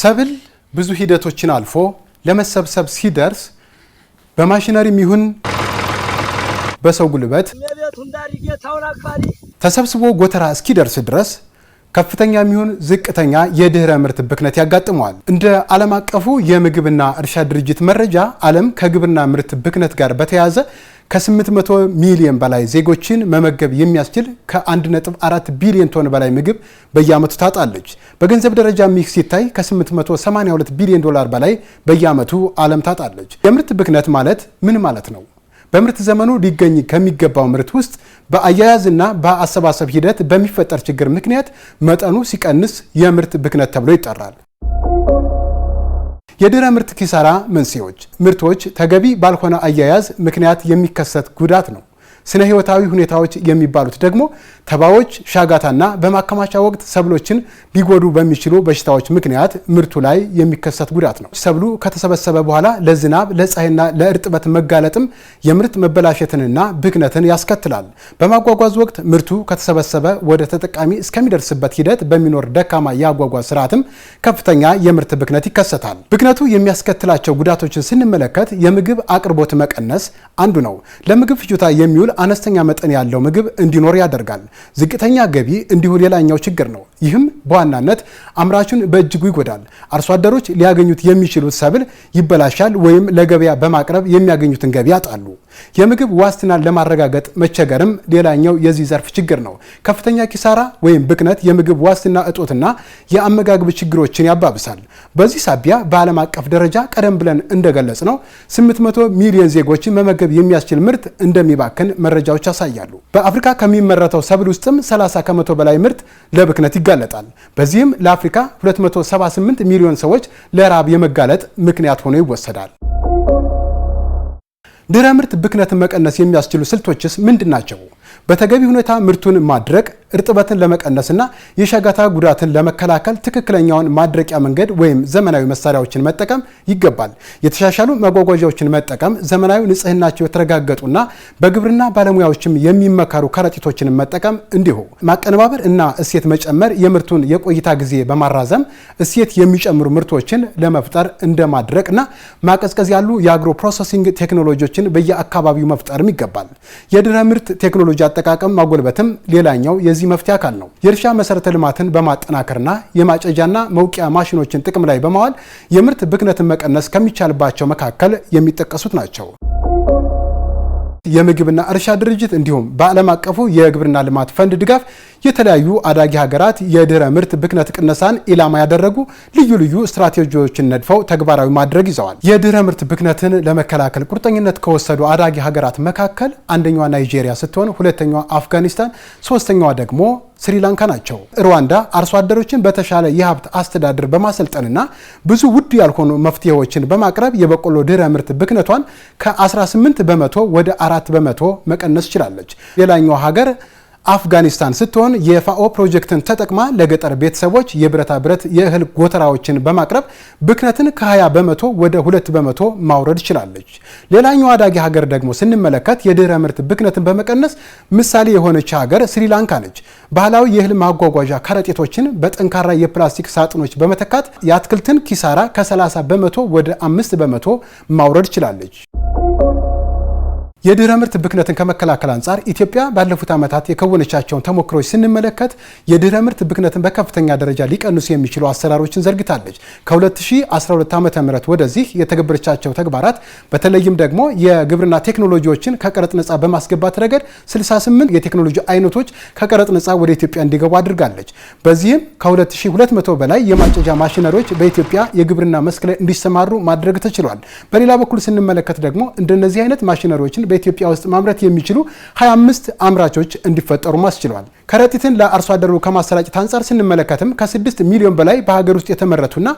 ሰብል ብዙ ሂደቶችን አልፎ ለመሰብሰብ ሲደርስ በማሽነሪም ይሁን በሰው ጉልበት ተሰብስቦ ጎተራ እስኪደርስ ድረስ ከፍተኛ የሚሆን ዝቅተኛ የድህረ ምርት ብክነት ያጋጥመዋል። እንደ ዓለም አቀፉ የምግብና እርሻ ድርጅት መረጃ ዓለም ከግብርና ምርት ብክነት ጋር በተያያዘ ከ800 ሚሊዮን በላይ ዜጎችን መመገብ የሚያስችል ከ1.4 ቢሊዮን ቶን በላይ ምግብ በየዓመቱ ታጣለች። በገንዘብ ደረጃ ሚክስ ሲታይ ከ882 ቢሊዮን ዶላር በላይ በየዓመቱ ዓለም ታጣለች። የምርት ብክነት ማለት ምን ማለት ነው? በምርት ዘመኑ ሊገኝ ከሚገባው ምርት ውስጥ በአያያዝና በአሰባሰብ ሂደት በሚፈጠር ችግር ምክንያት መጠኑ ሲቀንስ የምርት ብክነት ተብሎ ይጠራል። የድህረ ምርት ኪሳራ መንስኤዎች፣ ምርቶች ተገቢ ባልሆነ አያያዝ ምክንያት የሚከሰት ጉዳት ነው። ስነ ህይወታዊ ሁኔታዎች የሚባሉት ደግሞ ተባዎች፣ ሻጋታና በማከማቻ ወቅት ሰብሎችን ሊጎዱ በሚችሉ በሽታዎች ምክንያት ምርቱ ላይ የሚከሰት ጉዳት ነው። ሰብሉ ከተሰበሰበ በኋላ ለዝናብ ለፀሐይና ለእርጥበት መጋለጥም የምርት መበላሸትንና ብክነትን ያስከትላል። በማጓጓዝ ወቅት ምርቱ ከተሰበሰበ ወደ ተጠቃሚ እስከሚደርስበት ሂደት በሚኖር ደካማ የአጓጓዝ ስርዓትም ከፍተኛ የምርት ብክነት ይከሰታል። ብክነቱ የሚያስከትላቸው ጉዳቶችን ስንመለከት የምግብ አቅርቦት መቀነስ አንዱ ነው። ለምግብ ፍጆታ የሚውል አነስተኛ መጠን ያለው ምግብ እንዲኖር ያደርጋል። ዝቅተኛ ገቢ እንዲሁ ሌላኛው ችግር ነው። ይህም በዋናነት አምራቹን በእጅጉ ይጎዳል። አርሶ አደሮች ሊያገኙት የሚችሉት ሰብል ይበላሻል ወይም ለገበያ በማቅረብ የሚያገኙትን ገቢ ያጣሉ። የምግብ ዋስትናን ለማረጋገጥ መቸገርም ሌላኛው የዚህ ዘርፍ ችግር ነው። ከፍተኛ ኪሳራ ወይም ብክነት የምግብ ዋስትና እጦትና የአመጋገብ ችግሮችን ያባብሳል። በዚህ ሳቢያ በዓለም አቀፍ ደረጃ ቀደም ብለን እንደገለጽ ነው 800 ሚሊዮን ዜጎችን መመገብ የሚያስችል ምርት እንደሚባክን መረጃዎች ያሳያሉ። በአፍሪካ ከሚመረተው ሰብል ውስጥም 30 ከመቶ በላይ ምርት ለብክነት ይጋለጣል። በዚህም ለአፍሪካ 278 ሚሊዮን ሰዎች ለራብ የመጋለጥ ምክንያት ሆኖ ይወሰዳል። ድህረ ምርት ብክነትን መቀነስ የሚያስችሉ ስልቶችስ ምንድን ናቸው? በተገቢ ሁኔታ ምርቱን ማድረቅ እርጥበትን ለመቀነስና የሸጋታ ጉዳትን ለመከላከል ትክክለኛውን ማድረቂያ መንገድ ወይም ዘመናዊ መሳሪያዎችን መጠቀም ይገባል። የተሻሻሉ መጓጓዣዎችን መጠቀም፣ ዘመናዊ ንጽህናቸው የተረጋገጡና በግብርና ባለሙያዎችም የሚመከሩ ከረጢቶችን መጠቀም፣ እንዲሁ ማቀነባበር እና እሴት መጨመር የምርቱን የቆይታ ጊዜ በማራዘም እሴት የሚጨምሩ ምርቶችን ለመፍጠር እንደማድረቅና ማቀዝቀዝ ያሉ የአግሮ ፕሮሰሲንግ ቴክኖሎጂዎችን በየአካባቢው መፍጠርም ይገባል። የድህረ ምርት ቴክኖሎጂ አጠቃቀም ማጎልበትም ሌላኛው የዚህ የዚህ መፍትሄ አካል ነው። የእርሻ መሰረተ ልማትን በማጠናከርና የማጨጃና መውቂያ ማሽኖችን ጥቅም ላይ በማዋል የምርት ብክነትን መቀነስ ከሚቻልባቸው መካከል የሚጠቀሱት ናቸው። የምግብና እርሻ ድርጅት እንዲሁም በዓለም አቀፉ የግብርና ልማት ፈንድ ድጋፍ የተለያዩ አዳጊ ሀገራት የድህረ ምርት ብክነት ቅነሳን ኢላማ ያደረጉ ልዩ ልዩ ስትራቴጂዎችን ነድፈው ተግባራዊ ማድረግ ይዘዋል። የድህረ ምርት ብክነትን ለመከላከል ቁርጠኝነት ከወሰዱ አዳጊ ሀገራት መካከል አንደኛዋ ናይጄሪያ ስትሆን፣ ሁለተኛዋ አፍጋኒስታን፣ ሶስተኛዋ ደግሞ ስሪላንካ ናቸው። ሩዋንዳ አርሶ አደሮችን በተሻለ የሀብት አስተዳደር በማሰልጠንና ብዙ ውድ ያልሆኑ መፍትሄዎችን በማቅረብ የበቆሎ ድህረ ምርት ብክነቷን ከ18 በመቶ ወደ አራት በመቶ መቀነስ ችላለች። ሌላኛው ሀገር አፍጋኒስታን ስትሆን የፋኦ ፕሮጀክትን ተጠቅማ ለገጠር ቤተሰቦች የብረታ ብረት የእህል ጎተራዎችን በማቅረብ ብክነትን ከ20 በመቶ ወደ 2 በመቶ ማውረድ ችላለች። ሌላኛው አዳጊ ሀገር ደግሞ ስንመለከት የድህረ ምርት ብክነትን በመቀነስ ምሳሌ የሆነች ሀገር ስሪላንካ ነች። ባህላዊ የእህል ማጓጓዣ ከረጢቶችን በጠንካራ የፕላስቲክ ሳጥኖች በመተካት የአትክልትን ኪሳራ ከ30 በመቶ ወደ 5 በመቶ ማውረድ ችላለች። የድህረ ምርት ብክነትን ከመከላከል አንጻር ኢትዮጵያ ባለፉት ዓመታት የከወነቻቸውን ተሞክሮች ስንመለከት የድህረ ምርት ብክነትን በከፍተኛ ደረጃ ሊቀንሱ የሚችሉ አሰራሮችን ዘርግታለች። ከ2012 ም ወደዚህ የተገበረቻቸው ተግባራት በተለይም ደግሞ የግብርና ቴክኖሎጂዎችን ከቀረጥ ነጻ በማስገባት ረገድ 68 የቴክኖሎጂ አይነቶች ከቀረጥ ነጻ ወደ ኢትዮጵያ እንዲገቡ አድርጋለች። በዚህም ከ2200 በላይ የማጨጃ ማሽነሪዎች በኢትዮጵያ የግብርና መስክ ላይ እንዲሰማሩ ማድረግ ተችሏል። በሌላ በኩል ስንመለከት ደግሞ እንደነዚህ አይነት ማሽነሪዎችን በኢትዮጵያ ውስጥ ማምረት የሚችሉ 25 አምራቾች እንዲፈጠሩ አስችለዋል። ከረጢትን ለአርሶ አደሩ ከማሰራጨት አንጻር ስንመለከትም ከ6 ሚሊዮን በላይ በሀገር ውስጥ የተመረቱና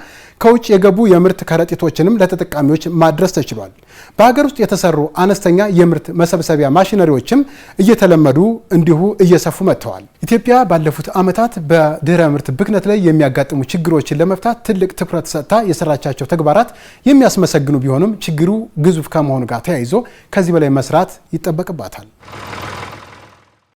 ከውጭ የገቡ የምርት ከረጢቶችንም ለተጠቃሚዎች ማድረስ ተችሏል። በሀገር ውስጥ የተሰሩ አነስተኛ የምርት መሰብሰቢያ ማሽነሪዎችም እየተለመዱ እንዲሁ እየሰፉ መጥተዋል። ኢትዮጵያ ባለፉት ዓመታት በድህረ ምርት ብክነት ላይ የሚያጋጥሙ ችግሮችን ለመፍታት ትልቅ ትኩረት ሰጥታ የሰራቻቸው ተግባራት የሚያስመሰግኑ ቢሆንም ችግሩ ግዙፍ ከመሆኑ ጋር ተያይዞ ከዚህ በላይ መስራት ይጠበቅባታል።